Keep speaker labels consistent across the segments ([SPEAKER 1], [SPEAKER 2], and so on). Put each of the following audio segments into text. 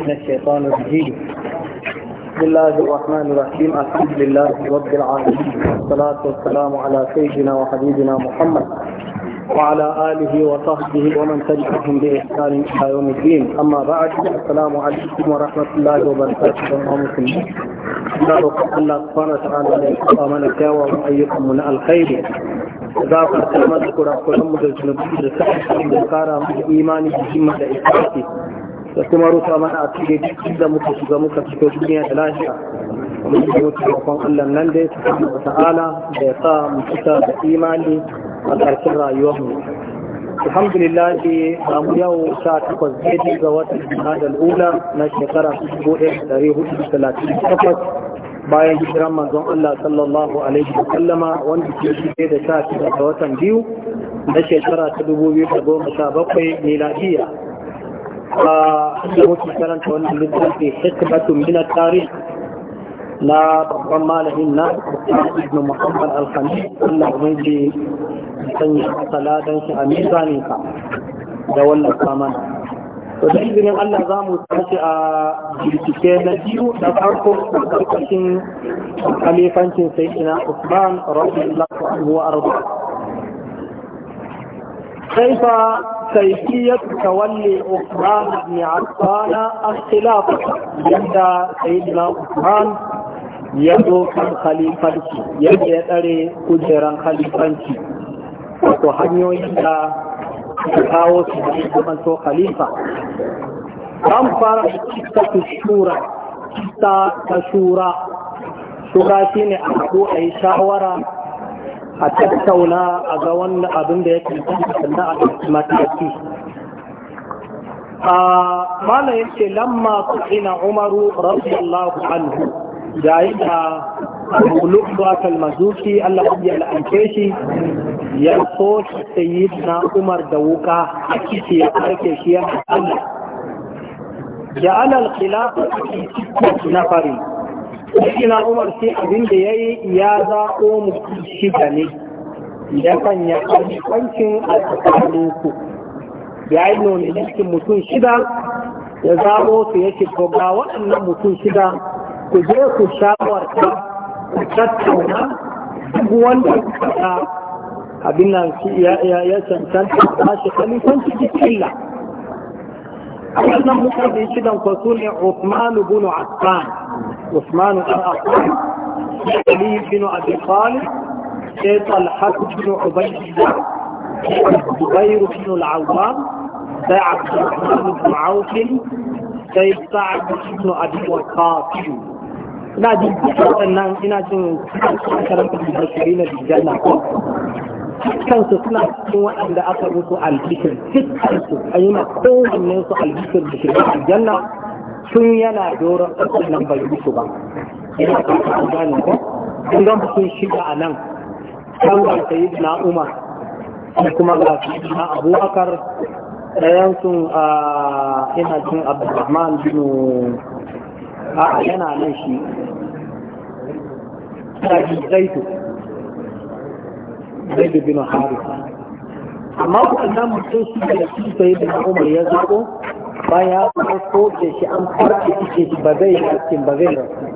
[SPEAKER 1] من الشيطان الرجيم بسم الله الرحمن الرحيم الحمد لله رب العالمين والصلاة والسلام على سيدنا وحبيبنا محمد وعلى آله وصحبه ومن تبعهم بإحسان إلى يوم الدين أما بعد السلام عليكم ورحمة الله وبركاته ومسلمين الله سبحانه وتعالى ومن الكاوى وأيكم من الخير za ku kalmar da kurakuran mu da zunubi da sa'a da kuma rufa mana a cikin da muka shiga muka fito duniya da lafiya mun mutu mutumakon Allah nan dai subhanahu wa ala da ya sa mu fita da imani a ƙarshen rayuwar mu alhamdulillah da mu yau sha takwas daidai ga wata jihadar ula na shekara 1438 bayan hijiran manzon Allah sallallahu alaihi wa sallama wanda ke shi da sha shida ga watan biyu na shekara ta dubu biyu da 2017 miladiya da muke karanta wannan littafi hikmatu min na babban malamin na ibn muhammad al-khamis Allah ubangiji sanya saladan shi a mizanin ka da wannan saman to da izinin Allah zamu mu tashi a bincike na biyu da farko a karkashin khalifancin sayyidina Usman كيفية تولي عثمان بن عفان الخلافة عند سيدنا عثمان يدو كان خليفة يجي أري كجرا خليفة وتحنيو إلى تقاوس من تو خليفة كم فرق ستة الشورى ستة شورى شورى شورى شورى شورى a tattauna a ga wannan abin da yake sannan a mataki a mana yake lamma su ina umaru radiyallahu anhu yayin da muluk ba mazuki Allah ya la'anke shi ya so sayyid na umar da wuka a kici ya karke shi ya Allah ya ala al-khilafa fi na fari Ina Umar sai abin da ya yi ya zaɓo shi da ne, ya sanya ƙarfancin a tsakaninku. Ya yi nuna nomination mutum shida,
[SPEAKER 2] ya zaɓo
[SPEAKER 1] su ya ce, ko ga waɗannan mutum shida ku je ku ta ku tattauna, duk wanda kuka abin nan ya cancanta ba shi ƙalifanci cikin la wannan mutane shidan ko su ne Uthman ibn Affan Uthman ibn Affan Ali ibn Abi Talib sai Talha ibn Ubaydillah Zubair ibn al-Awwam sai Abdurrahman ibn Auf sai Sa'd ibn Abi Waqqas ina jin waɗannan ina jin karanta da shirin da jannah ko dukkansu suna cikin waɗanda aka musu albishir dukkansu a yi ma kowanne su albishir da shiga aljanna sun yana doron ƙasar nan bai musu ba ina ka ta gane ba kun gan sun shiga a nan kan ga sayi na umar kuma ga sayyid na abubakar ɗayan sun a ina jin abdurrahman bin
[SPEAKER 2] a yana nan
[SPEAKER 1] shi ta ji zaitu zai bin harisa amma waɗannan mutum su da su sai da umar ya zaɓo bayan ya farko da shi an farke shi ba zai yi ba zai rasu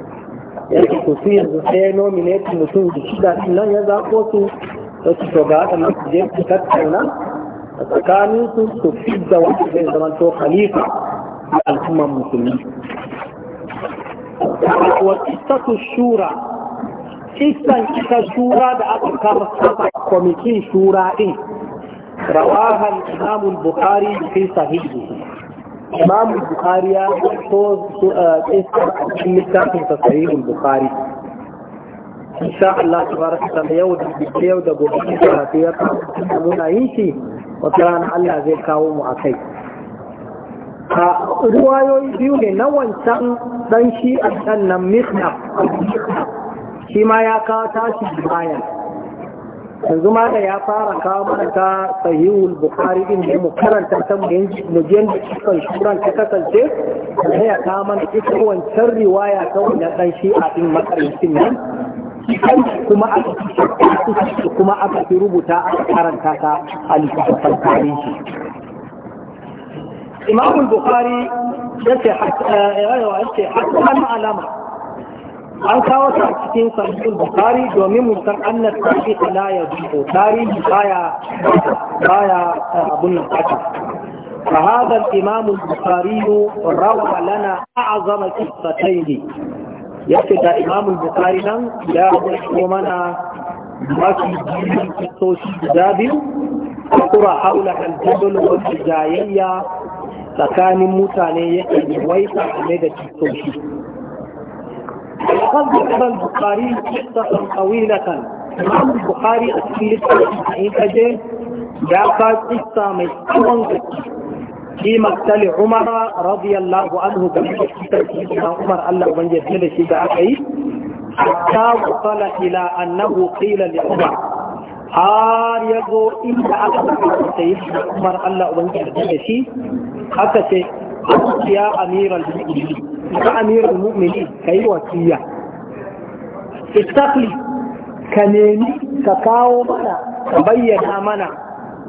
[SPEAKER 1] ya ce to su yanzu sai ya nominate mutum da shida nan ya zaɓo su da su to ga waɗannan su je su tattauna a tsakanin su su fi da wanda zai zama to khalifa a al'ummar musulmi. Wata ta shura kisan ita shura da aka kama kwamitin shura ɗin rawaha al-imam al-bukhari fi sahihi imam al-bukhari ya so eh, kisan a cikin littafin sa sahih al-bukhari insha Allah tabaraka ta'ala yau da yau da gobe da ya muna yin shi wata rana Allah zai kawo mu akai a ruwayoyi biyu ne na wancan dan shi a nan mihnaf shi ma ya kawo tashi bayan yanzu ma da ya fara kawo mana ta sahihul bukhari din ne mu karanta ta mu yanzu mu je mu cikin shuran ta kasance da ya kawo mana ita wancan riwaya ta wannan dan shi a din makarantin nan kuma aka kuma aka rubuta aka karanta ta alifafan tarihi imam bukhari yace hatta eh, yace hatta alama an kawo ta cikin sahihul bukhari domin mu san anna tarihi ya zuko tarihi baya baya eh, abun nan haka fa hadha al-imam al-bukhari rawa lana a'zam qissatayn yace da imam al-bukhari nan ya ko mana mafi kisoshi guda biyu kura haula al-jadal wa jayayya tsakanin mutane yake waita game da kisoshi وقد ذكر البخاري قصة طويلة إمام البخاري أسئلة التسعين أجل جاءت قصة مجتمعا في مقتل عمر رضي الله عنه قبل سيدنا عمر الله من يجل شيء أخي حتى وصل إلى أنه قيل لعمر har ya zo inda aka sayi Umar Allah ubangiji da shi aka ce ya amiran mu'mini ka amiran mu'mini kai wasiya istaqli ka nemi ka kawo mana ka bayyana mana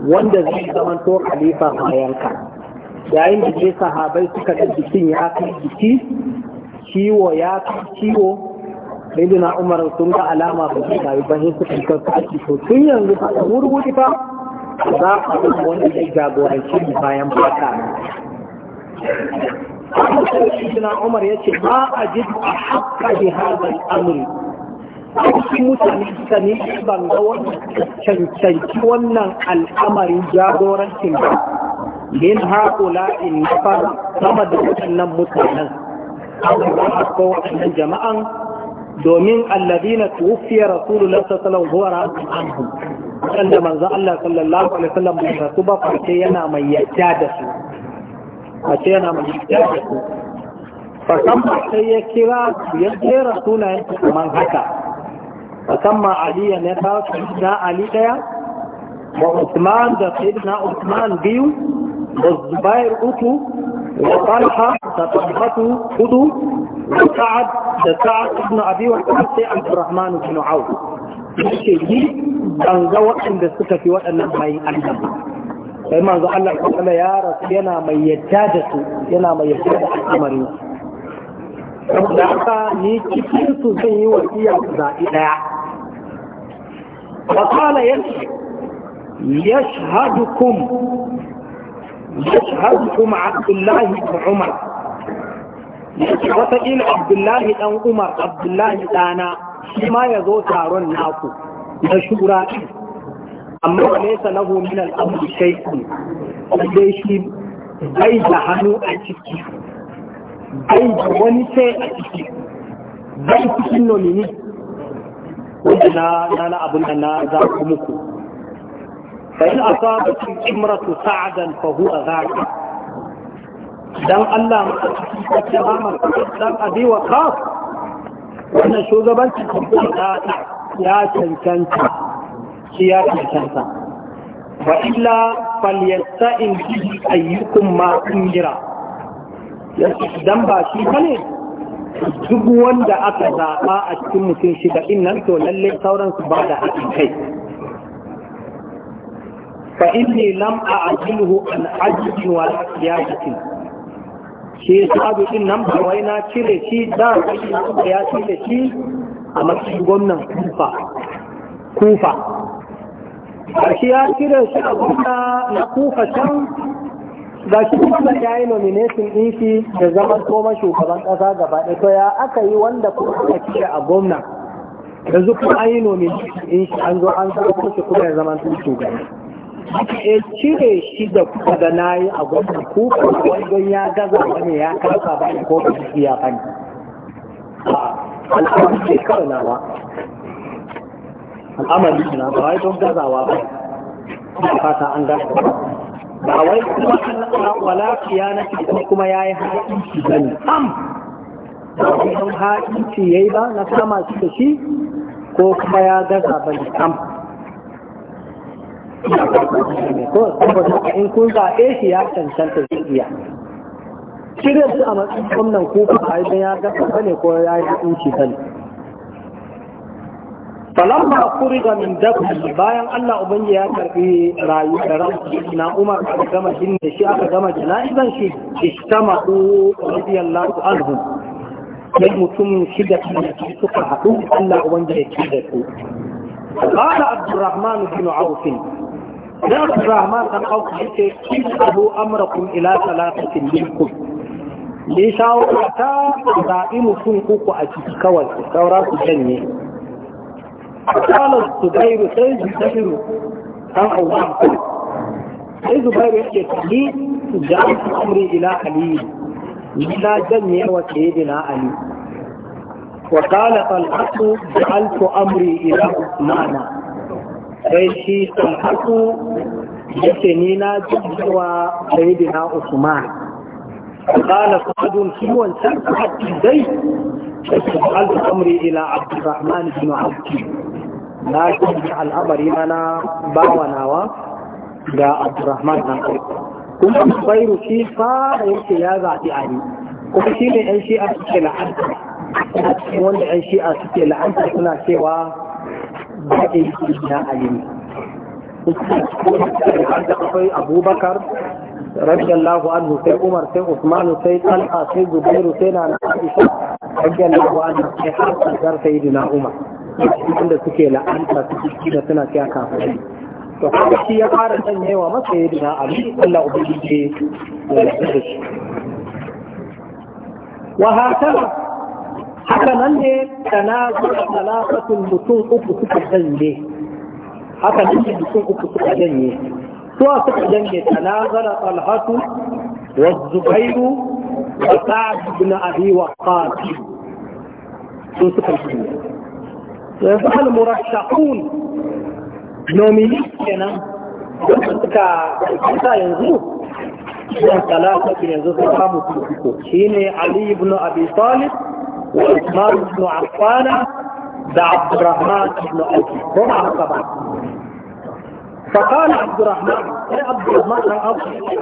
[SPEAKER 1] wanda zai zama to khalifa bayanka yayin da dai sahabai suka ga jikin ya kai jiki ciwo ya kai ciwo na umar sun ga alama ba su ba sai suka ga kaci to tun yanzu fa wurwuri fa za a ga wanda zai jagoranci bayan baka Sayyidina Umar ya ce ba a ji a haƙa bi hadal amri. Wasu mutane suka ni ban ga wanda cancanci wannan al'amarin jagorancin ba. Min haƙula in nafar sama da waɗannan mutanen. Allah ba a ko waɗannan jama'an domin alladina tuwfiya rasulullah sallallahu alaihi wasallam huwa ra'atun anhum. Wanda manzo Allah sallallahu alaihi wasallam bai rasu ba face yana mai yadda da su. a ce yana mai ya su fasamma sai ya kira ya jera sunayen su kamar haka fasamma aliya ne ta su na ali daya wa usman da na usman biyu da zubair uku wa talha da talhatu hudu da sa'ad da sa'ad ibn abi wa sai abdurrahman ibn auf yake ji kan ga waɗanda suka fi waɗannan bayin Allah sai manzo Allah kuma ya rasu yana mai yadda da su yana mai yadda da al'amarin su saboda haka ni cikin su zan yi wasiya ku zaɓi ɗaya wa kana yace yashhadukum yashhadukum Abdullahi ibn Umar yace wata ila Abdullahi dan Umar Abdullahi dana shi ma ya zo taron naku na shura amma wa laysa lahu min al shay'un sai shi bai da hannu a ciki bai da wani sai a ciki bai cikin nomini wanda na na abun da na za ku muku فإن أصابت الإمرة سعدا فهو ذاك دم الله تماما دم أبي وخاف وأن شو زبنت Ya شنكنت shi ya cancanta wa illa falyasta'in bihi ayyukum ma kungira idan ba shi bane duk wanda aka zaɓa a cikin mutum shida in nan to lalle sauran su ba da haɗin kai fa inni lam a'jiluhu an ajlin wa qiyasatin shi abu din nan ba wai na cire shi da ya cire shi a matsayin gwamnan kufa kufa shi ya cire shi a kusa na kufa can ga shi kuma ya yi nomination ɗin da zaman koma shugaban ƙasa gaba ɗaya to ya aka yi wanda kuma aka kira a gwamna yanzu kuma an yi nomination ɗin shi an zo an zama shi kuma ya zama shugaban e cire shi da kuka da na yi a gwamna kuka wajen ya gaza wani ya kasa ba ko ba ya bane al'adu ce kawai ba al'amari na ba wai don gazawa ba da fata an gasa ba wai kuma an wala kiyanati ko kuma yayi haƙinci bane am ba don ya yayi ba na kama shi da shi ko kuma ya gaza bane am ko saboda in kun zaɓe shi ya cancanta shi iya shirya su a matsayin gwamnan ko ba a yi ya gaza bane ko ya yi haƙinci bane falamma kuriga min dabbi bayan Allah ubangi ya karbi rayu da ransu na Umar aka gama jin da shi aka gama jana'izan shi istamadu radiyallahu anhu sai mutum shida suka haɗu da su قال عبد الرحمن بن عوف da Rahman dan auku yake kitabu amrakum ila salatatin minkum ne shawo ta zaɓi mutum uku a ciki kawai saura janye kala zubairu sai zubairu dan auban ku sai zubairu yake kali da amri ila ali ila janne wa sayyidina ali wa qala talhatu ja'altu amri ila usman sai shi talhatu yake ni na janne wa sayyidina usman قال فقد في وانسان فقد في زيد فقد قال الامر الى عبد الرحمن بن عبد الله na shi al'amari mana bawa nawa ga abdurrahman nan kuma bairu shi fara yake ya zaɓi ali kuma shi ne yan shi'a suke la'anta a cikin wanda yan shi'a suke la'anta suna cewa baɗin shi na ali ne akwai abubakar رضي الله sai سي sai سي sai سي sai سي زبير سي نانا عائشه رضي الله sai سي حتى سيدنا umar. wanda suke la'anta su ciki da suna siya kafin to kuma shi ya fara yawa masa ya dina ali Allah ubangiji ya lafiya shi wa haka haka nan ne kana zuwa talafatul mutum uku suka janye haka nan ne mutum uku suka janye suwa suka janye tanazara talhatu wa zubairu wa sa'ad ibn abi waqqas sun suka janye yanzu al-murashakun nomini kenan wanda suka kusa yanzu yan talata yanzu sun samu kurkuku shine ali ibn abi talib wa usman ibn affana da abdurrahman ibn abi ko ba haka ba فقال عبد الرحمن يا عبد الرحمن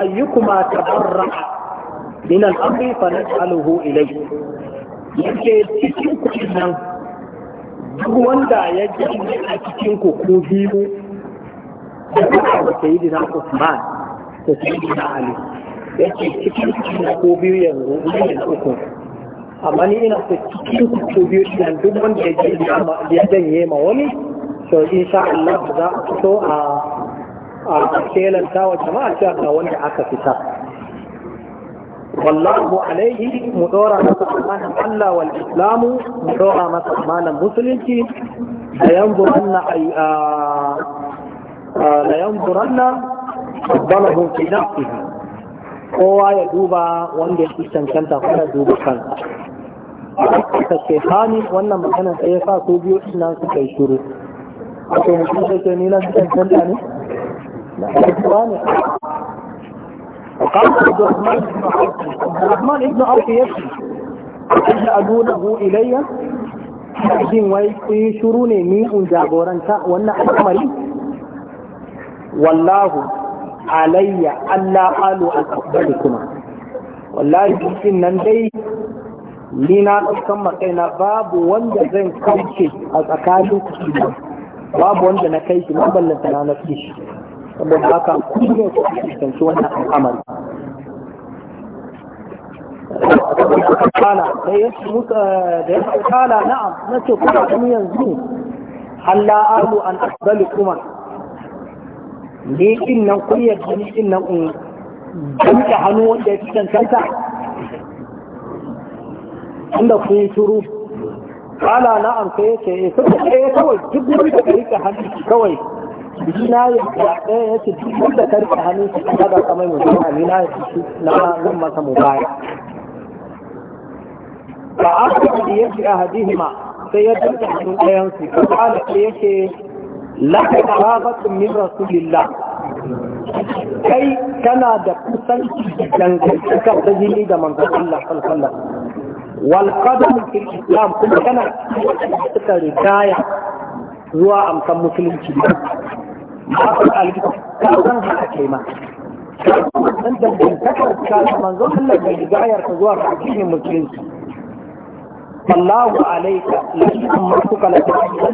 [SPEAKER 1] أيكما تبرع من الأمر فنجعله إليه يمكن تشكي كل duk wanda ya ji a cikin ku ko biyu da kuka da sayyidina Usman yi sayyidina Ali ya ce cikin cikin ko biyu yanzu ne uku amma ni ina so cikin ku ko biyu idan duk wanda ya ji ya ma wani to insha Allah za a fito a a kelanta wa jama'a cewa wanda aka fita wallahu alaihi mu dora masa amanan Allah wal islamu mu dora masa amanan musulunci da yanzuranna la yanzuranna qabbalahu fi kowa ya duba wanda ya fi cancanta kuma duba kansa ta ce hani wannan magana sai ya sa su ina yi shiru a وقال عبد الرحمن بن عوف عبد الرحمن بن عوف يشي jin wai shuru ne ni in jagoranta wannan al'amari wallahu alayya Allah alu al kuma wallahi cikin nan dai ni na ɗaukan matsaina babu wanda zai kauce a tsakanin babu wanda na kai shi maballanta na na saboda haka kullum su kusanci wannan al'amari Ya kala da ya ce kala na'am na ce kuma kuma yanzu Allah alu an asbali kuma ni in nan kun yadda ni in nan in danka hannu wanda ya fi cancanta inda kun yi turu kala na'am sai ya ce eh, ya eh, kawai duk wani da ka rika hannu kawai shi na yi ɗaya ya ce duk da karfe hannun shi kuma da kamar mu zama ni na yi na zan masa mu baya ba a kuma ya ce a hadihima sai ya dinka hannun ɗayan su ko ba da ke yake lafi karabatun min rasulillah kai kana da kusanci dangantaka ta jini da manzon Allah sallallahu alaihi wal qadam fil islam kuma kana suka ritaya zuwa amsan musulunci ba ba ku alƙa zan haka kai ma dan dangantakar ka manzon Allah da hidayar ka zuwa addinin musulunci sallahu alaika lakin amma kuka la ta'ala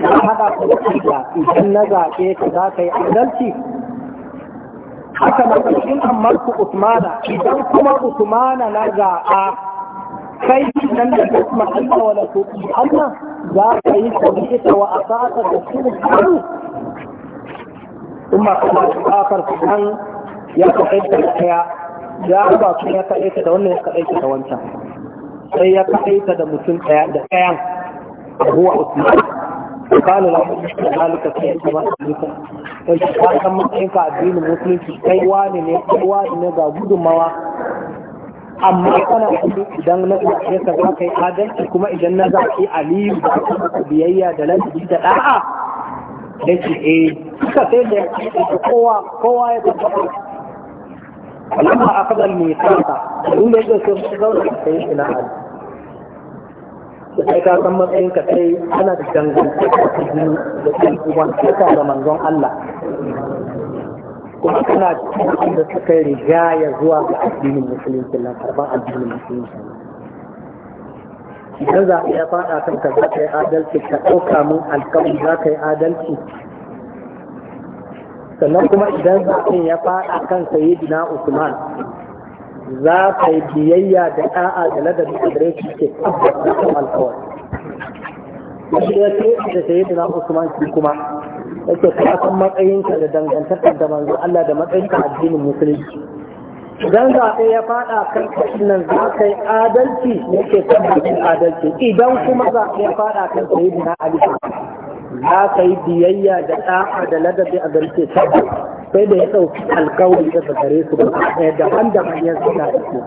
[SPEAKER 1] na haɗa ku da idan na zaɓe ka za ka yi adalci haka na cikin amma ku Usmana idan kuma Usmana na zaɓa kai nan da ka kuma Allah wala ko Allah za ka yi sabbi ta wa asaka da su kuma kuma akar kan ya ka kai ta kaya ya ba ya kai ta da wannan ya kai ta da wancan sai ya kai ta da mutum daya da kayan huwa Usman قال له ذلك في أمريكا wai ka san matsayin ka addinin musulunci kai wani ne kai wani ne ga gudunmawa
[SPEAKER 2] amma kana kudi
[SPEAKER 1] idan na zaɓe ka za ka yi adalci kuma idan na zaɓe aliyu da aka biyayya da lantarki da ɗa'a da ke e eh, suka sai da kowa kowa ya tabbata lamma a kadar mai tsaka in da yake sai su zauna ka sai ina ali da sai ka san matsayin ka sai ana da dangantaka da jini da kuma sai ka manzon Allah kuma kana cikin da suka riga ya zuwa ga addinin musulunci na karɓar addinin musulunci idan za a faɗa kan ka za ka yi adalci ka ɗauka mun alkawari za ka yi adalci sannan kuma idan za zaɓen ya faɗa kan sayyidina usman za ka yi biyayya da ɗa'a da ladabi da dare shi ke tabbata kan alkawari wanda ya ce da sayyidina usman shi kuma yake ka san matsayinka da dangantakar da manzo Allah da matsayinka addinin musulunci idan zaɓe ya faɗa kan kashin nan za ka yi adalci yake kan kashin adalci idan kuma ka ya fada kan sayi na ali za ka yi biyayya da ɗa'a da ladabi a garke sai da ya ɗauki alkawari daga gare su ba ɗaya daban-daban ya suna da su.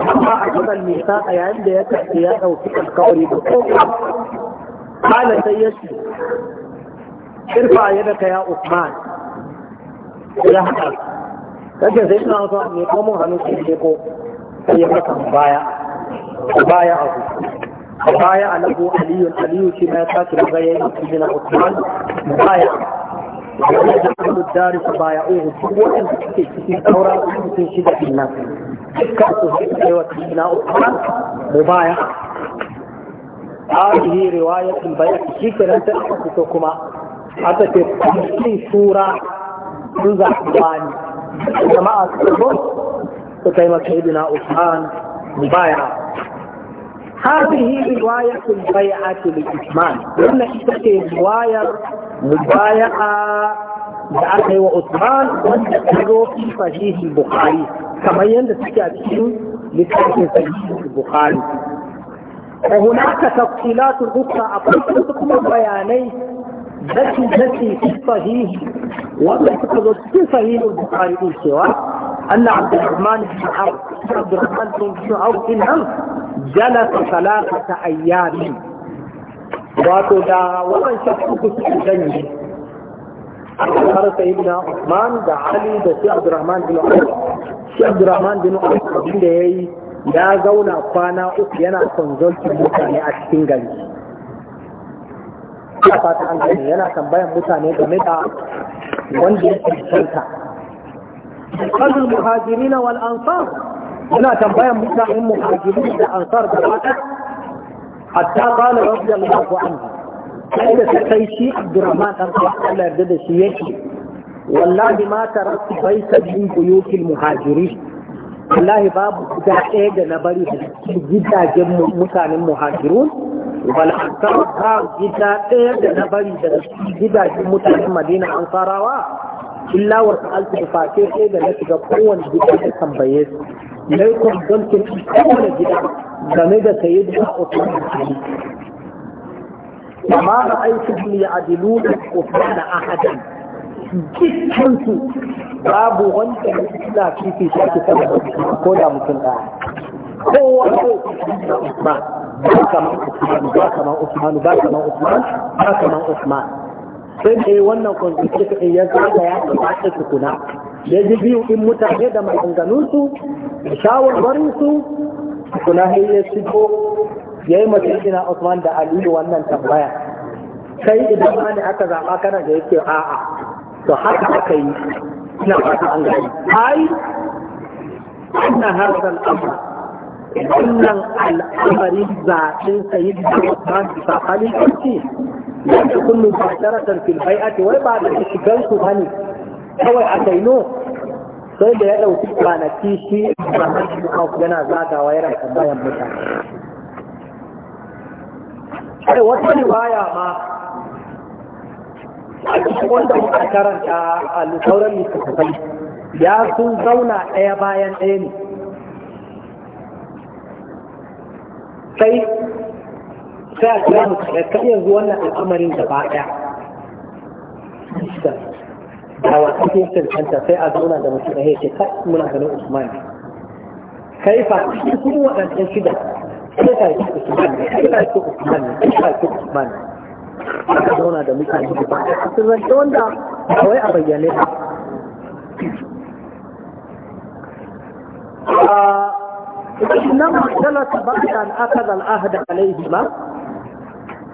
[SPEAKER 1] amma a gaban nisa a yayin da ya karfi ya ɗauki alkawari da kowa kala sai ya ce irfa ya daga ya usman ya haɗa. kace sai suna wasu ne ko mun hannu shi ne ko sai ya maka baya baya abu baya alahu aliyu aliyu shi ma ya sake daga ya yi shi na usman baya wani da abu dari su baya uhu duk waɗanda suke cikin sauran cikin shida ɗin nan kansu da yawa ta shi mu baya hadihi riwayatul bayat ke nan ta fito kuma an ta ce kwamfin sura sun za su ba ni jama'a su ko su kai maka yi na usman mu baya hadihi ita ce riwayar mu baya da aka yi wa Usman wanda ta zo fi sahihi Bukhari kamar yadda suke a cikin littafin sahihi Bukhari wa hunaka tafsilatun ukra akwai wasu kuma bayanai daki daki fi sahihi wanda suka zo cikin sahihi Bukhari din cewa أن عبد الرحمن بن عوف عبد الرحمن بن عوف جلس ثلاثة أيام وتدا ومن شك كتب har sayyidina Usman da Ali da Shi Abdurrahman bin Auf Shi Abdurrahman bin Auf abin da yayi ya zauna kwana uku yana consulting mutane a cikin gari ina fata an gani yana tambayan mutane game da wanda ya cancanta kazul muhajirina wal ansar yana tambayan mutanen muhajirin da ansar da fatar hatta qala radiyallahu anhu sai da ta kai shi abdurrahman dan Allah yarda da shi yake wallahi ma taraktu baita min buyutil muhajirin wallahi babu gida ɗaya da na bari da gidajen mutanen muhajirun wal ansar gida ɗaya da na bari da gidajen mutanen madina ansarawa illa wa sa'altu bi fasir sai da na shiga kowanne gida da tambaye su lai kun don kin kowane gida game da sayyidina Usman وما رأيتهم يعدلون القرآن أحدا dukkansu babu wanda suna kifi shi ake sama ko da mutum ɗaya ko ba ba kaman Usman ba kaman ba kaman ba kaman sai da wannan kwanzuki ɗin ya zaga ya kamata su kuna ya ji biyu in mutane da maganganunsu shawarwarinsu kuna ya shigo ya yi mutum ina Usman da Aliyu wannan tambaya
[SPEAKER 2] sai idan ma
[SPEAKER 1] ne aka zaɓa kana da yake a'a to haka aka yi ina fata an gani Hai! anna hadha Abu. amr wannan al'amari zaɓen sayyid da Usman bisa halittarci yadda kullum ba sharatan fil bai'ati wai ba da shigan su ne? kawai a kaino sai da ya ɗauki kwanaki shi ba yana zagawa yana tambayan mutane Sai wata riwaya ma wanda muka karanta a sauran littattafai ya sun zauna ɗaya bayan ɗaya ne sai sai a kira mu kai yanzu wannan al'amarin ba ɗaya da wata cikin cancanta sai a zauna da mutum da ya ce kai muna ganin usman kai fa cikin waɗancan shida zauna da mutane da a wanda a bayyane ba إنما اختلط aka أن da ba?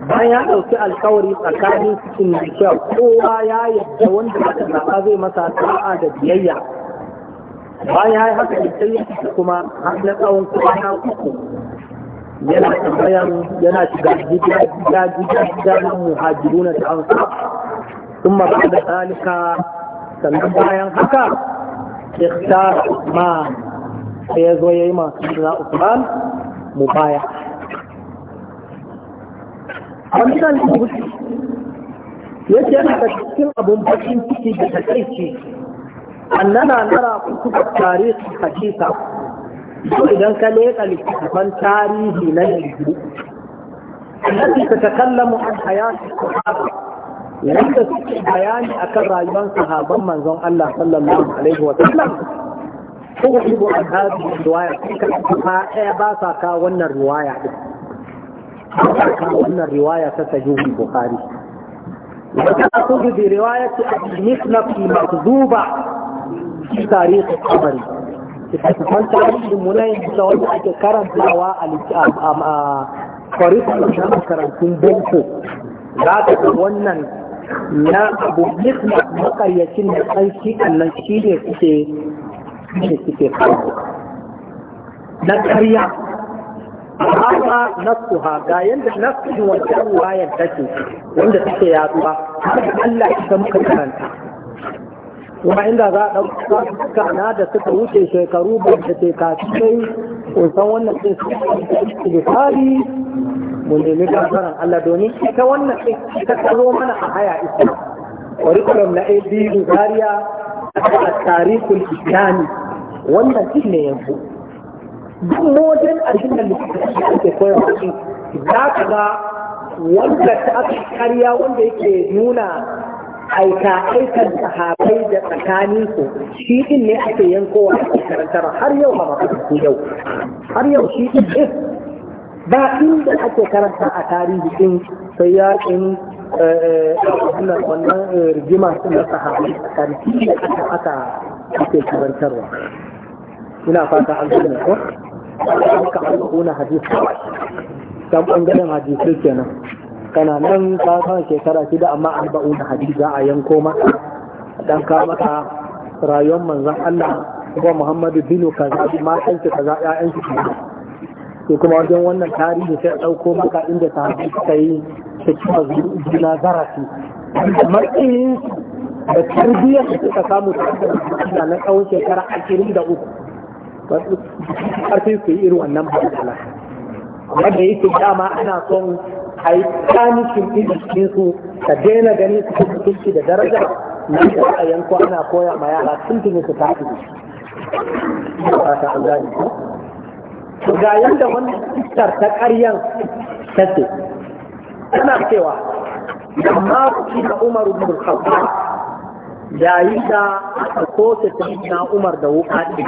[SPEAKER 1] bayan ɗauki alkawari tsakanin cikin da kowa ya yadda wanda aka zaɓa zai masa ta'a da biyayya bayan ya yi haka da sai kuma na tsawon kwana uku yana tambayan yana shiga gida gida gida gida na muhajiru na ta'ansa sun mafi da tsalika sannan bayan haka ikhtar ma sai ya zo ya yi masu na usman mu baya amiran libuti ya ce yana da cikin abin bakin ciki da takaici annana nara kutubar tarihi hakika idan ka leƙa littattafan tarihi na yanzu Allah ta ta kallamu an hayatu sahaba yanda suke bayani akan rayuwar sahaban manzon Allah sallallahu alaihi wa sallam ko ku ibo an hadu riwaya kika ta ɗaya ba sa ka wannan riwaya din wannan riwaya ta sahihi bukhari wata kudu bi riwayati abi nisna fi madhuba fi tarikh al-qabri an tarihin mu nan da wanda ake karantawa a curriculum na makarantun boko za ka ga wannan na abu hikmat makaryacin da sarki annan shi ne suke ne suke kawo
[SPEAKER 2] na karya
[SPEAKER 1] amma nasu ha ga yadda nasu wancan wayar take wanda take yaduwa har Allah ya san muka karanta kuma inda za a ɗauka na da suka wuce shekaru ba da ke kafin kusan wannan ɗin su tsari mun nemi gafaran Allah domin ita wannan ɗin ta tsaro mana a haya ita curriculum na ABU Zaria a tarihul Islami wannan ɗin ne yanzu duk modern abin da littattafai ake koyarwa za ka ga wanda ta aka karya wanda yake nuna aika aikan sahabai da tsakanin su shi din ne ake yanko a karantar har yau ba ku yau har yau shi din ba inda ake karanta a tarihi din sai ya in eh, eh, wannan eh, rigima sun da sahabai a shi aka aka ake karantarwa ina fata an gane ko aka alƙuna hadisi dan bangaren hadisi kenan kana nan ka kan shekara shida amma an ba'u da za a yanko maka dan ka maka rayuwar manzon Allah ko Muhammadu binu kaza ma san shi kaza ƴaƴan shi Ke kuma wajen wannan tarihi sai dauko maka inda sahabbai suka yi ta cewa zina zarafi matsayin da tarbiyyar da suka samu da na tsawon shekara ashirin da uku ƙarfin su yi irin wannan ba da yake dama ana son a yi kanishin ɗin ka daina ganin su kusurci da daraja na da a yanko ana koya ma yara sun tuni su tafi ta ga yadda wannan iskar ta ƙaryan take tana cewa amma ci da umaru bin khattab yi da ta kose ta na umar da wuka ɗin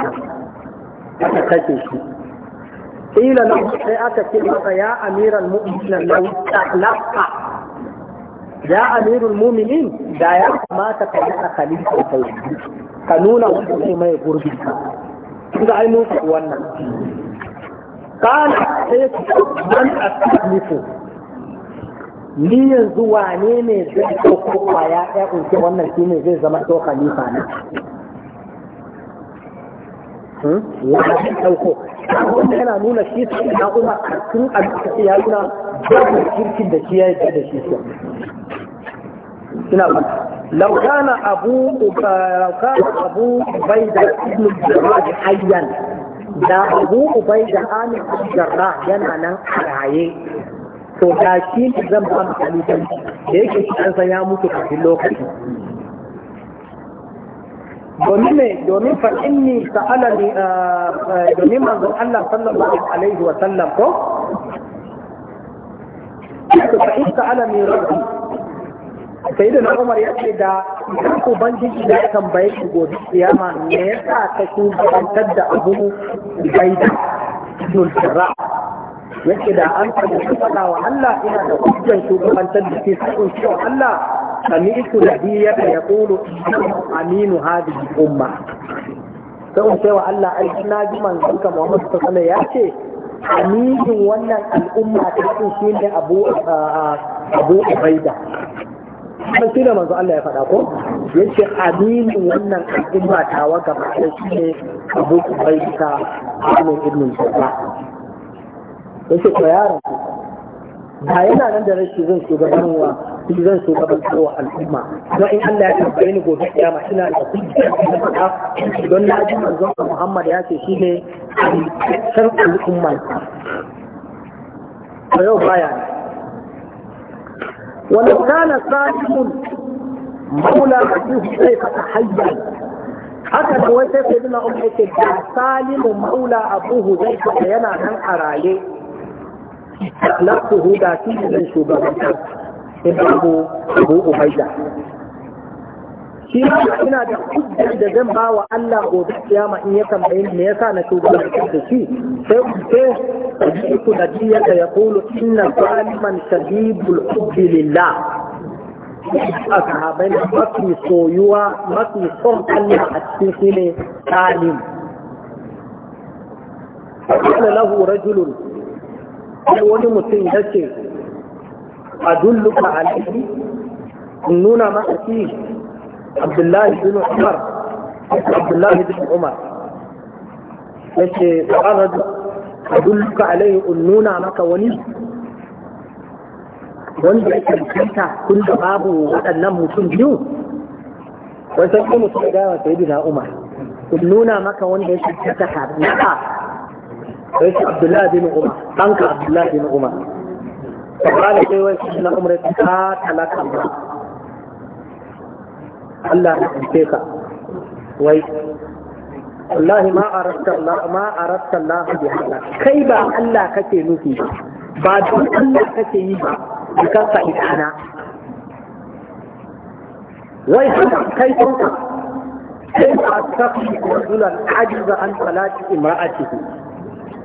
[SPEAKER 2] ta kashe
[SPEAKER 1] shi ila lahu sai aka ce masa ya amiral mu'minin lau lafa ya amirul mu'minin da ya kamata ka yi akalin kai ka nuna wanda zai mai gurbi ka ga ainihin wannan kana sai ku man asalifu ni yanzu wane ne zai ɗauko ya ɗaya ɗauke wannan shine zai zama to khalifa ne? Hmm? Wane ɗauko, wanda yana nuna shi su na kuma tun a cikin ya nuna babu kirkin da shi ya yi da shi su ina ba لو كان أبو لو كان أبو عبيدة ابن الجراح حيا da abu bai da amin jarra yana nan a raye to da shi zan ba mu da yake shi an san ya mutu kafin lokaci domin ne domin fa inni sa'ala ni eh, eh, domin manzon Allah sallallahu alaihi wa sallam ko fa in sa'ala ni rabbi sayyidina Umar ya ce da ku banjiji da bai ku gobe kiyama me yasa ka shugabantar da abu bai da sirra yake da an faɗi faɗa wa Allah ina da hujjan shugabantar da shi sai wa Allah سمعت نبيك يقول أمين هذه الأمة sai in wa Allah ai na ji man ka Muhammadu sallallahu alaihi ya ce aminin wannan al'umma ta cikin shine Abu Abu Ubaida kan shi da manzo Allah ya faɗa ko yace aminin wannan al'umma ta wa gaba ta shine Abu Ubaida Abu Ibn Sa'd yace ko yaron ba yana nan da rashi zan shugabanwa shi zan so gabatar wa al'umma kuma in Allah ya tambaye ni gobe ya kiyama ina da kuɗi don na ji manzon Muhammad ya ce shi ne san al'umma ba yau baya ne walau kana sadiqun maula abihi sai fa tahayyan haka da wai sai sayyidina umar yake da salimu maula abuhu zai fa yana nan a raye lafuhu da shi ne shugaban imamu abu ubaida shi ma ina da hujjar da zan ba wa Allah gobe kiyama in ya tambaye me yasa na tuba da shi sai ku ce ku da diya ka ya kulu inna zaliman shadidul hubbi lillah a mafi soyuwa mafi son Allah a cikin shi ne talim. قال lahu rajulun, wani mutum ya ce adulluka alaihi in nuna maka shi abdullahi bin umar abdullahi bin umar yace arad adulluka alaihi in nuna maka wani wanda ya cancanta kun da babu waɗannan mutum biyu wai sai kuma mutum da wa sayyidina umar in nuna maka wanda ya cancanta ka naka sai abdullahi bin umar abdullahi bin umar ka bada kaiwai su na umar ka talaka ba Allah ya kace ka wai wallahi ma arasta Allah ma arasta Allah bi hada kai ba Allah kake nufi ba don Allah kake yi ba kan ka idana wai kai ko kai ka tafi ko dulan ajiza an salati imra'atihi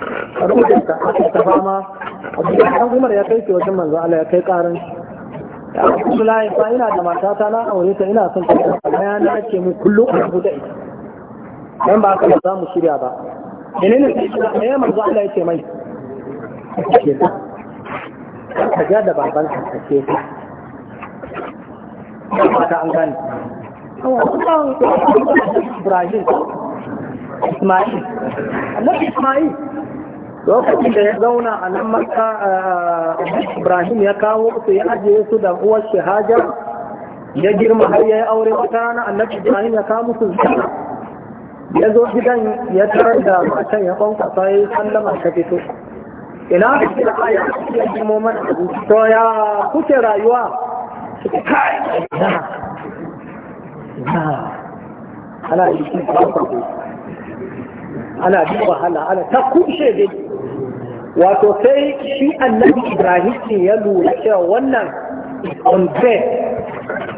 [SPEAKER 2] a rubuta ta aka ta fama
[SPEAKER 1] abu umar ya kai ke wajen manzo Allah ya kai karin ya kuma layi fa ina da matata na aure ta ina son ta baya na ce mu kullum a rubuta ita dan ba ka za mu shirya ba menene ne ya manzo Allah ya ce mai ka ja da baban ka kake ka fata an gani Ibrahim Ismail Allah Ismail lokacin da ya zauna a nan maka eh, ibrahim ya kawo su ya ajiye su da uwar shahajar ya girma har ya yi aure wata rana annabi ibrahim ya kawo musu zuwa ya zo gidan ya tarar da matan ya kwankwasa ya yi sallama ta fito ina da shi da aya ya jimo mana to ya kuke rayuwa kai na ana yi ana duk wahala ana ta kushe dai wato sai shi annabi ibrahim ya lura cewa wannan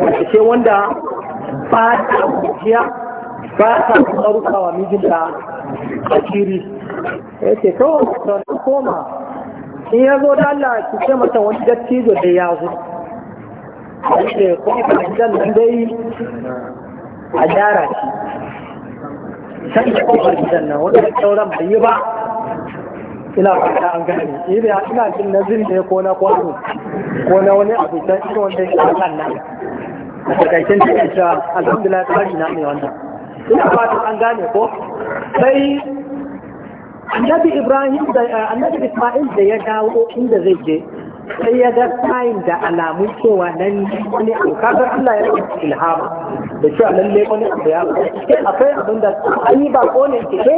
[SPEAKER 1] wata ce wanda ba ta kujiya ba ta tsaruka wa mijinta a kiri ya ce kawai sauran koma in ya zo da Allah ki ce mata wani dattijo da ya zo
[SPEAKER 2] wanda ya kuma
[SPEAKER 1] kan nan dai a gyara
[SPEAKER 2] shi sai da kofar gidan nan wanda
[SPEAKER 1] sauran bai yi ba ina fata an gane ina ina jin nazin ne ko na kwano ko na wani abu ta irin wanda ya kan nan a takaicin cikin cewa alhamdulillah tsari na ne wanda, ina fata an gane ko sai annabi ibrahim da eh, annabi isma'il da ya dawo inda zai je sai ya ga sayin da alamun cewa nan wani abu kasar Allah ya rubuta ilhama da cewa lalle wani abu ya faru akwai abin da an yi ba ko ne ke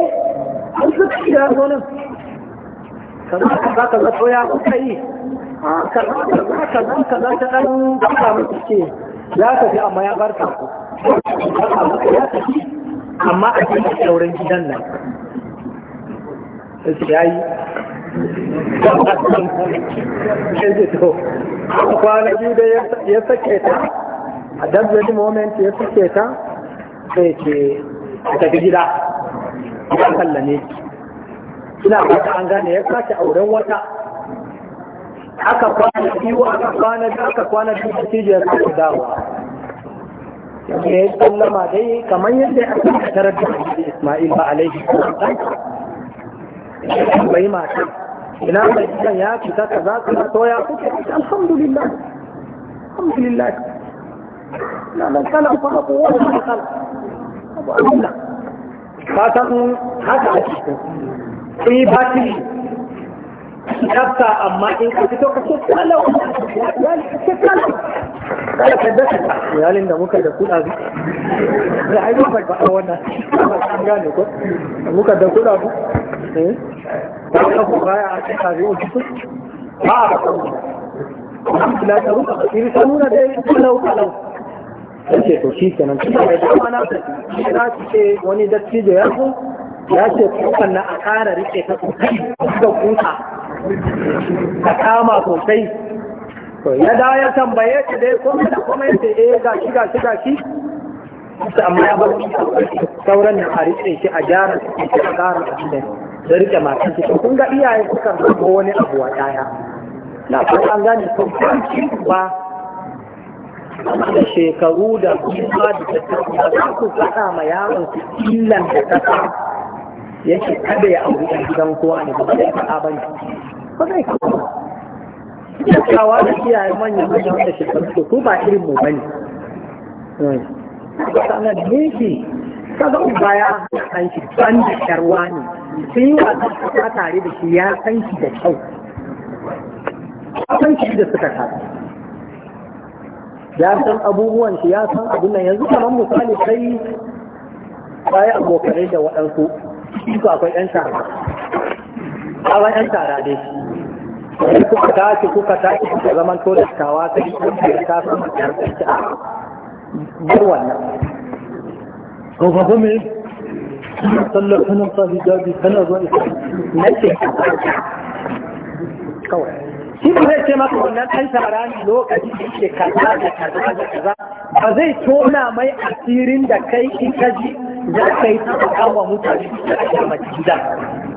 [SPEAKER 1] an suka shiga gonan kaza kaza kaza to ya kuka yi kaza kaza kaza ta dan kaza mutu ce ya tafi amma ya bar ka ya tafi amma a cikin sauran gidan nan ya yi kwana biyu da ya sake ta a dabbali moment ya sake ta sai ce a tafi gida ya kallame ki ina fata an gane ya sace auren wata aka kwana biyu aka kwana biyu aka kwana biyu da cije ya sake dawa yanzu ya yi sallama dai kamar yadda ya aka tarar da Ismail ba alaihi salam bai mata ina mai kiran ya fita ka za ka to ya kuke alhamdulillah alhamdulillah na nan kana kwana kowa da kala abu Allah ka san haka a cikin sun yi batiri tsafta amma in ka fito ka ce kalau ce kalau ka dasa iyalin da muka da kuɗa zu da ai ba ba wannan ba an gane ko muka da kuɗa zu eh ba ka ku baya a cikin kaji o cikin ba ba la ta ruka iri sanuna da kalau kalau sai to shi kenan kuma da amana da shi ce wani dattijo ya zo ya ce kofar na a ƙara rike ta sosai da kusa ta kama sosai ya dawo ya tambaye ta dai kuma da komai ta eh ga shi ga shi ga shi amma ya bar sauran na a rike shi a gyara shi a ƙara a da rike matan shi kun ga iyaye suka ko wani abu wa ɗaya na ko an gane ko ba da shekaru da kuma da ta ta su faɗa ma yaron illan da ta yake kada ya abu ɗan gidan kowa ne ba zai faɗa ba ne ba zai faɗa ba Kyakkyawa da yayin manyan manyan wanda shi da su ba irin mu ba ne. Sanar da yake kaga uba ya san shi ban da sharwa ne sun yi wasan kasa tare da shi ya san shi da kyau. San shi da suka kasa. Ya san abubuwan shi ya san abin nan yanzu kamar misali kai bayan abokanai da waɗansu iko akwai ɗan tara akwai ɗan tara dai in kuka tashi kuka tashi kuka zaman to da tawa ta yi kuka da ta san da ta a bar wannan ko ba ko me sallar sanin sa hijabi kana zuwa isa nake kawai shi ba zai ce maka wannan ɗan tara ne lokaci da yake kaza da kaza da kaza ba zai tona mai asirin da kai in ka ji za ka yi taɓa wa mutane su ake mace gida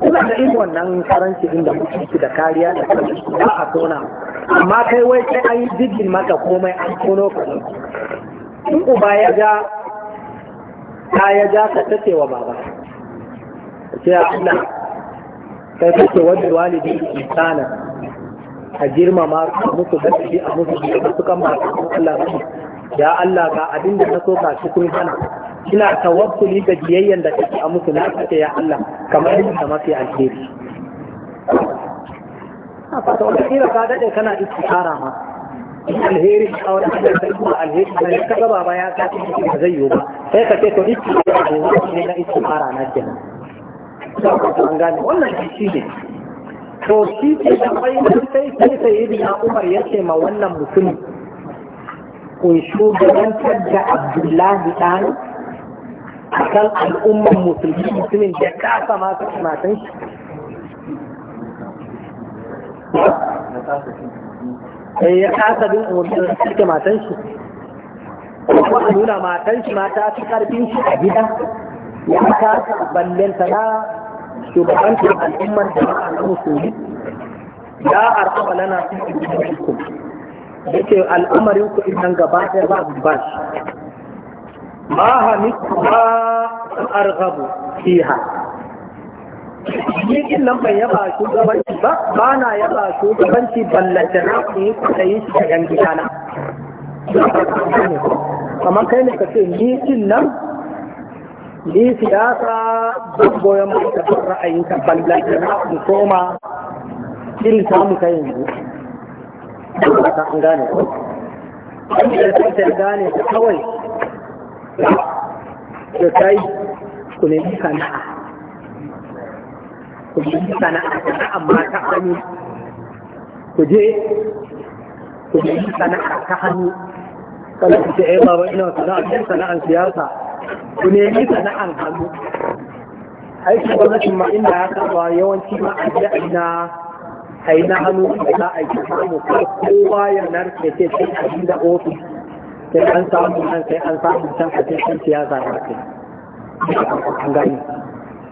[SPEAKER 1] kuma da irin wannan karanci din da mutunci da kariya da karanci ba a tona amma kai wai sai an yi jirgin maka komai an tono ka in uba ya ja ta ya ja ka tace wa baba sai Allah kai kake wani walidi insana a girmama musu gaske a musu da kan ba Allah ya Allah ga abin da na so ga shi kun hana ina tawakkuli ga biyayyen da kake a musu na kace ya Allah kamar yadda mafi alheri a fata wata kira ka daɗe kana istikara ma alheri a wani abin da kuma alheri na ka gaba ba ya kace ba zai yiwu ba sai ka ce to istikara ne na istikara na kenan an gane wannan shi ne to shi ke da bai sai sai sai yi da Umar ya ce ma wannan mutum kun shugabantar da abdullahi dan a kan al'ummar musulmi musulmin da kasa masu matan shi ya eh, ya kasa bin umarnin suke matan shi kuma a nuna matan shi mata su karfin shi a gida ya kasa ballenta na shugabantar al'ummar da ma'a na musulmi ya arfa lana su ya ce al'amarin ku nan gaba ɗaya ba su ba shi ma hamisu ba arhabu fiha ni din nan bai yaba shugabanci ba ba na yaba shi ballanta na ku yi yi shi a yan gidana kamar kai ne ka ce ni din nan ni siyasa zan goyon ta ra'ayinka ballanta na ku koma Kiri samu ka yanzu da an gane ko an da kanta gane ta kawai da yi ku ne sana'a ku ne sana'a sana'a ma ta hannu ku je ku ne sana'a ta hannu kada ku ce eh baba ina sana'a ta sana'an siyasa ku ne sana'an hannu aikin gwamnatin ma inda ya saba yawanci ma a na a yi na hannu da za a yi samu kowa ya narke ce sai a yi da ofis sai an samu nan sai an samu can a cikin siyasa ya kai an gani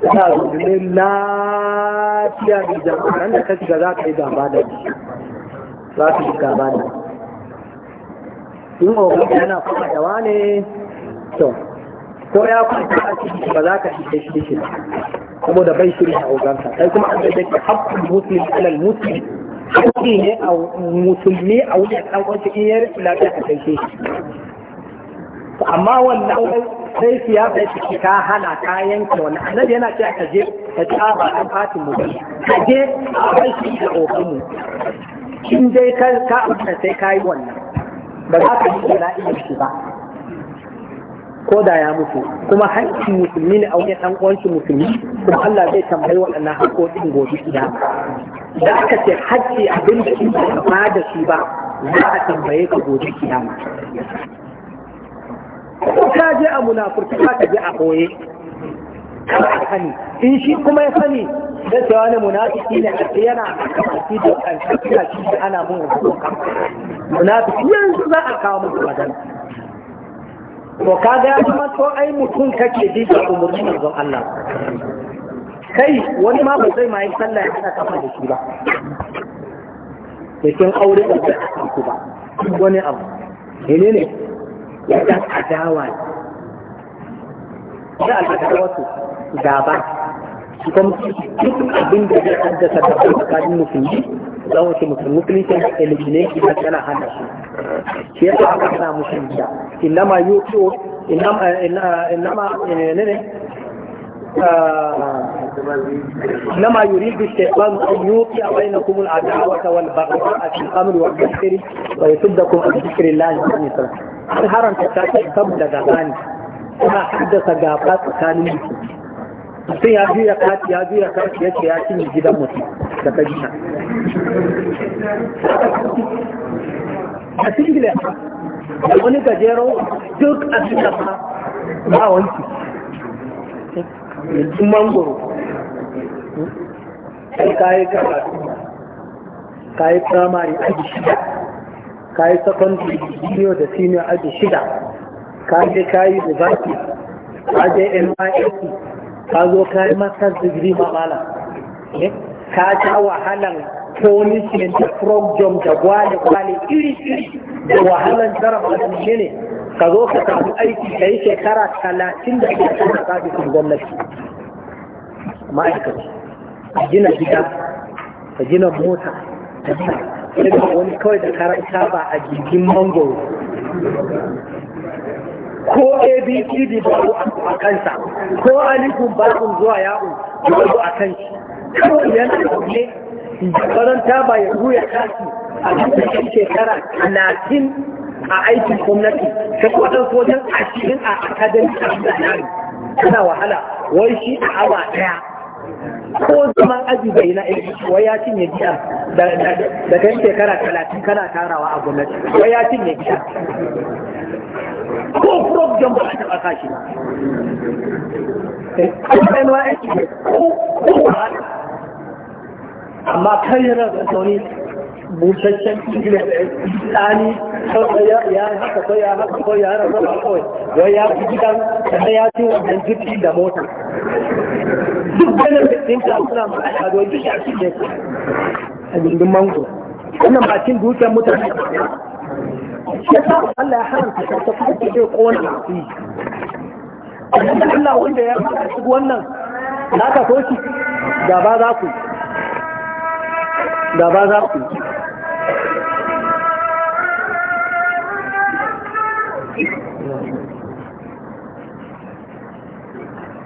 [SPEAKER 1] ta zuwa lafiya da nan da ka shiga za ka yi gaba da shi za ka yi gaba da yi ogun yana kuma da wane to ko ya kwanta a cikin ba za ka shi shi shi saboda bai shirya a uganka sai kuma an zai ke haƙƙin musulmi alal musulmi haƙƙi ne a musulmi a wuyan ɗan uwansa in ya rashin lafiya a kai shi amma wannan sai siyasa ya ciki ta hana ta yanke wannan annabi yana cewa ka je ka ci a ba ɗan fatin mu ka je a bai shi da ofinmu in dai ka ka sai ka yi wannan ba za ka yi jana'iyyar shi ba ko da ya mutu kuma hanci musulmi ne a wani ɗan uwanci musulmi kuma Allah zai tambayi waɗannan haƙoƙin gobe gida. da aka ce hajji abin da shi ba ba da shi ba za a tambaye ka gobe kiyama ko ka je a munafurci ka je a koye ka ba sani in shi kuma ya sani da cewa wani munafiki ne a yana a kamaki da an kafira shi ana mun hukunka munafiki yanzu za a kawo musu magana to ya zama to ai mutum kake ji da na manzon Allah kai wani ma ba zai ma yi sallah ya kana kafa da shi ba cikin aure da ba ku ba wani abu ne ne ya dan adawa ne ya su gaba كم بين جهة أنت تبقى تقدم مسلمي لو أنت مسلم مسلم كان الجنين كذا كان هذا شيء هذا كان مسلمي إنما يوتيو إنما إنما إنما إنما يريد استقبال أن يوقي بينكم العداوة والبغضاء في الأمر والذكر ويصدكم عن ذكر الله عز وجل. الحرم تتكلم تبدأ غاني. إذا حدث غابات كان يوقي. Sai ya zira kati ya zira kati ya ce ya cinye gidan mutum da ta gina a cikin da wani gajero duk a cikin ba wanki yanzu mangoro kai kayi karatu kayi firamare aji shida kayi secondary junior da senior aji shida kaje kayi university kaje nysc ka zo ka yi master degree ma mala eh? ka ta wahalan polishing da program da gwale gwale iri iri da wahalan jarabar da ne ka zo ka samu aiki ka yi shekara talatin da ake kan sabisin gwamnati ma'aikaci ka gina gida ka gina mota ka gina wani kawai da karanta ba a jirgin mangoro ko abcd babu a kansa ko ba babu zuwa ya'u babu a kan shi kawai yana ne karanta ba ya ruya tashi a cikin shekara cin a aikin gwamnati ta kwadon sojan ashirin a akademi a zanari tana wahala wai shi a awa daya ko zama aji bai na aiki wai ya cinye gida da kan shekara talatin kana tarawa a gwamnati wai ya cinye gida ko problem ba a taɓa kashi ba ƙarfin wa aiki ko amma yana da busasshen ingila tsani ya haka ya haka ya rasa ba kawai wai ya fi gidan ya wannan da mota duk ganin da suna duk ya ci ne a jirgin mango wannan ba cin dukiyar mutane shi Allah ya haramta ta kuma ta ce yi Allah wanda ya shi wannan ka za ku za ku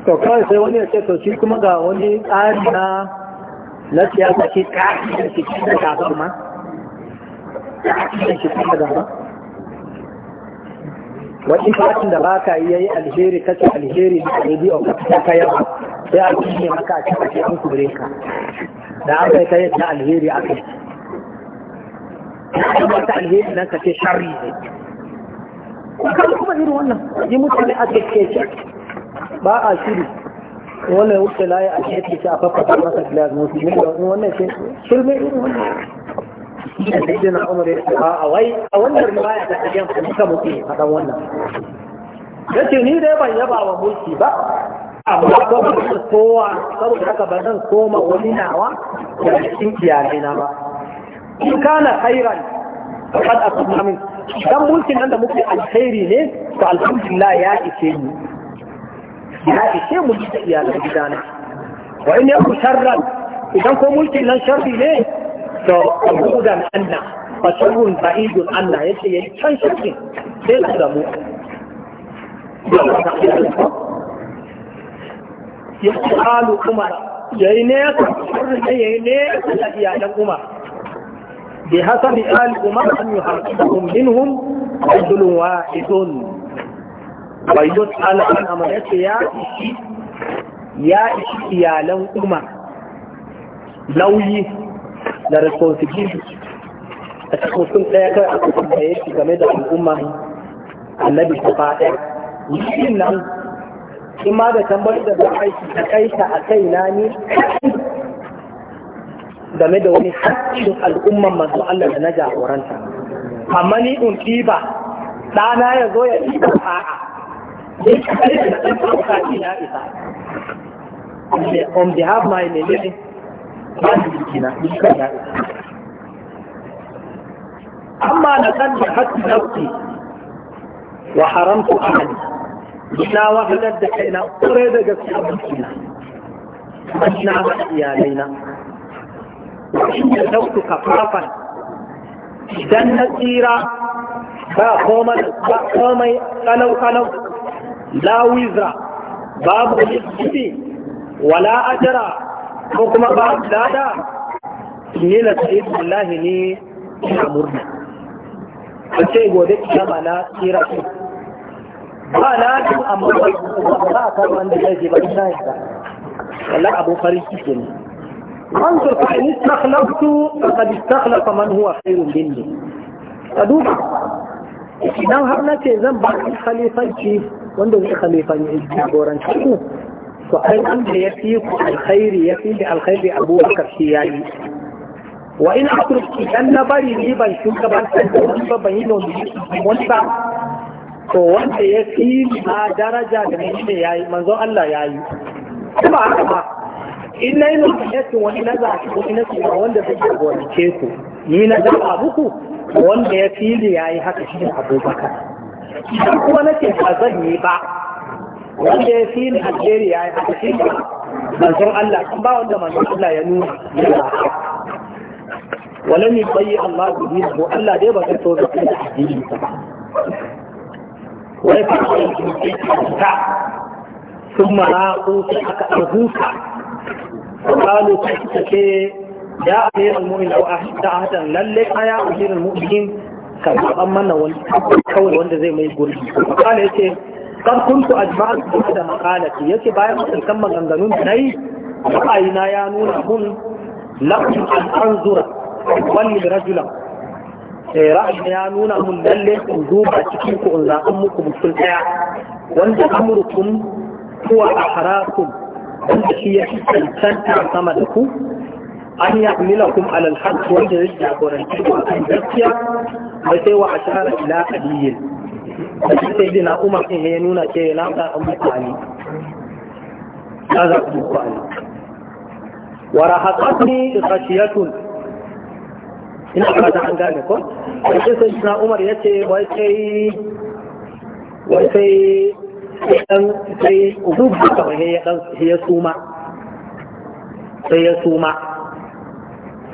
[SPEAKER 1] to kawai sai wani ya ce to shi kuma ga wani tsari na na siyasa shi ƙa'idar shi cikin da gaban ma da shi cikin da ba. wani kacin da ba ka yi alheri kace alheri da rubi a kafin ka yawa sai a cikin maka a cikin an kure ka da an kai kayan da alheri a kai kuma ta alheri nan ka ce shari ne kuma kuma irin wannan yi mutane a kekece ba a shiri wannan wuce layi a kekece a fafafa masa glass musu ne wannan shirme irin wannan da sai umar ya ce a wai a wannan riwaya ta ajiyar ka muke a dan wannan yace ni dai ban yaba wa mulki ba amma ko kuma kowa saboda haka ba zan koma wani nawa da cikin iyalai na ba in kana khairan faqad asma min dan mulkin nan da muke alkhairi ne to alhamdulillah ya ishe ni ya ishe mu da iyalan gidana wa in yaku sharran idan ko mulkin nan sharri ne da abudan anna fasharun ba'idun anna yace yayi can shakkin sai su damu ya alu umar ne ya sharri ne yayi ne ya iyalan umar bi hasabi al umar an yuhaqqahum minhum rajulun wahidun wa yus'al an amarati ya ya iyalan umar lauyi na responsibility a cikin sun ɗaya kai a cikin da yake game da al'umma
[SPEAKER 2] annabi ta faɗa
[SPEAKER 1] yin nan in ma da tambar da za a yi ta kai ta a kai na ne game da wani haƙƙin al'umman masu Allah da na jagoranta amma ni in ɗiba ɗana ya zo ya ɗiba a'a on behalf of my religion أما نسل حتى نفسي وحرمت أهلي إلا وحدة دحينا أريد جسد بكنا فمشنا بحيا لينا وإن يزوت كفافا إذن نسيرا فأخوما فأخوما قلو قلو لا وزرا باب الإسجد ولا أجرا ko kuma ba a lada ne na sa'idu wallahi ne a murna a ce gobe ki gama na tsira su
[SPEAKER 2] ba na su amma ba a kan wanda zai
[SPEAKER 1] ba su sa yadda wallah abu farin ciki ne an turka in istakhlaftu a istakhlafa man huwa khairun minni A duka. idan har na ce zan ba ki khalifanci wanda zai khalifanci goran ciki to ai wanda ya fi ku alkhairi ya fi alkhairi abubakar shi ya yi wa in aturki dan na bari ni ban shuka shugabantar da wani ba ban yi nomi wani ba to wanda ya fi ma daraja da mai ne ya yi manzon Allah ya yi kuma haka ba in na yi nominatin wani na zaɓi wani na suna wanda zai jagorance ku ni na zaɓa muku wanda ya fi ya yi haka shi ne abubakar idan kuma nake ba zan yi ba wanda ya fi Algeria ya fi shi manzon Allah kan ba wanda manzon Allah ya nuna yana walan yubayyi Allah bi ko Allah dai ba ka so da addini ba
[SPEAKER 2] wai fa ta
[SPEAKER 1] kuma ra'u aka arhuka ta ce ya amir al-mu'min aw ahda ahdan lalle aya amir al-mu'min kan ban mana wani kawai wanda zai mai gurbi kana yace kan kuntu ajma'u kuma da maqalati yace bayan kan maganganun da nayi ra'ayina ya nuna mun lakum an anzura walli rajulan eh ra'ayina ya nuna mun lalle in duba cikin ku in muku mutum ɗaya wanda amurkum huwa aharakum wanda shi ya cancanta sama da ku an kum alal haqq wanda ya jagoranci ku a gaskiya bai sai wa ashara ila qadiyyin sai dina umar ɗin ya nuna ce an muku ali na an muku ali wa rahatsatni ina fata an gane ko sai sai na umar ya ce wai sai wai sai dan sai ubu ka ya dan ya suma sai ya suma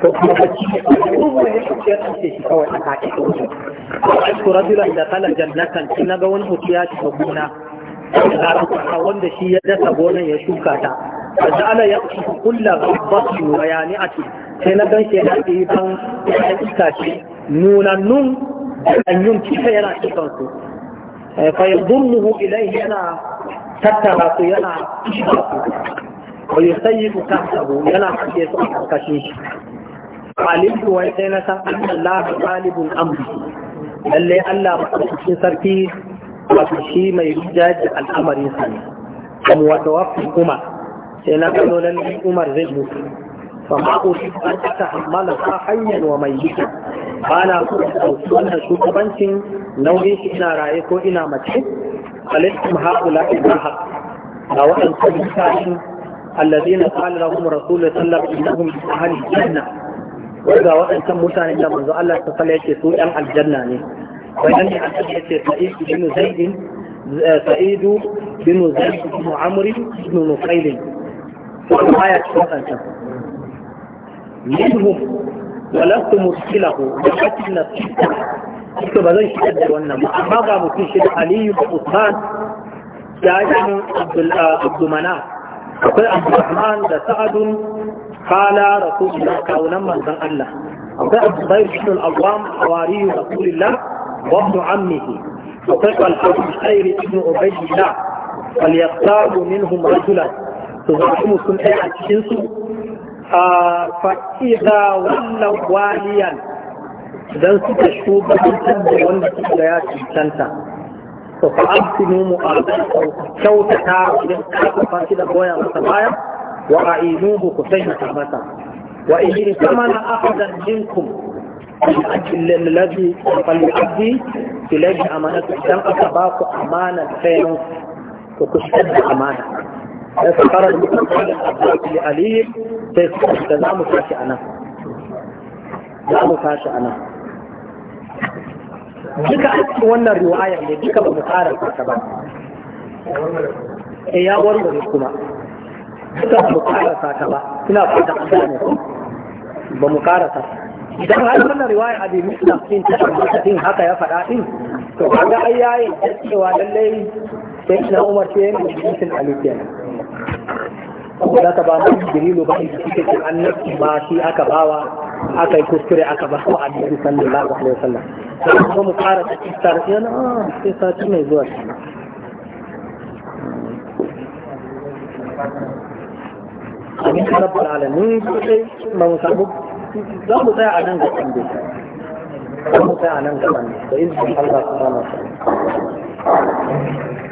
[SPEAKER 1] ko kuma bacci ne ko kuma ne shi ya tsaye shi kawai a kake ko ko rajulan da kala jannatan kin ga wani mutum ya shiga gona da wanda shi ya dasa gonan ya shuka ta fajala ya kulla ghabbati wa yani'ati sai na gan shi ya yi ban itace nunannun danyun kika yana cikin su eh, fa yadurruhu ilayhi yana tattara su yana su. wa yusayyibu tahtahu yana kake su a karkashin shi alimtu wai sai na san anna Allah amri lalle Allah madaukakin sarki wato shi mai jaji al'amarin sa ne kuma wata wafi kuma sai na gano lalle Umar zai mutu فما mai أن أتحملها حيا وميتا أنا أريد أن شوكبانش نوعي ina raye ko ina mace? هؤلاء الحق أو أن الذين waɗansu لهم رسول الله صلى الله عليه وسلم إنهم من أهل الجنة wai ga waɗancan mutane da manzo Allah ta sala yake su ɗan aljanna ne wai nan ne Allah yake sa'id bin zaidin eh, sa'id bin zaid bin amr bin nufail ko aya ta kanta minhum ولست مرسله وقت نفسك suka ba zai shigar da wannan ba amma ga mutum shi da aliyu usman ya yi akwai abdurrahman da sa'adun kala rasulullah kaunan manzon Allah akwai abdullahi ibn al-awwam hawari rasulullah wa ibn ammihi akwai al-hasan khairi ibn ubaydillah falyaqtabu minhum rajulan
[SPEAKER 2] to zai mu sun ɗaya
[SPEAKER 1] a cikin su fa'iza wannan waliyan don suka shugabantar da wanda suka ya cancanta to fa amsinu mu a kyautata idan ka kafa shi da goya masa baya wa a a'inuhu ku sai ta masa wa in kamana ahadan minkum alladhi falyabdi ilayhi amanatu dan aka ba ku amana sayan to ku shadda amana da sakarar mutum da abdullahi li aliyu sai su da za mu tashi anan za mu tashi a nan. duka a cikin wannan riwayar ne duka ba mu tsara ta ba eh ya warware kuma duka ba mu tsara ta ba ina fata da gane ba mu tsara ta idan har wannan riwaya abi muslim cikin ta cikin din haka ya fada din to kaga ai yayi cewa lallai sai na umar sai ne mutum alikiya saboda ka ba na dalilu ba inda suke ce annabi ba shi aka bawa aka yi kuskure aka ba wa annabi sallallahu alaihi wasallam sai kuma mu fara da kisar yana ah, sai sati mai zuwa amin rabbul alamin sai ba mu samu za mu tsaya a nan ga kan ba za mu tsaya a nan ga kan da izinin Allah
[SPEAKER 2] subhanahu wa ta'ala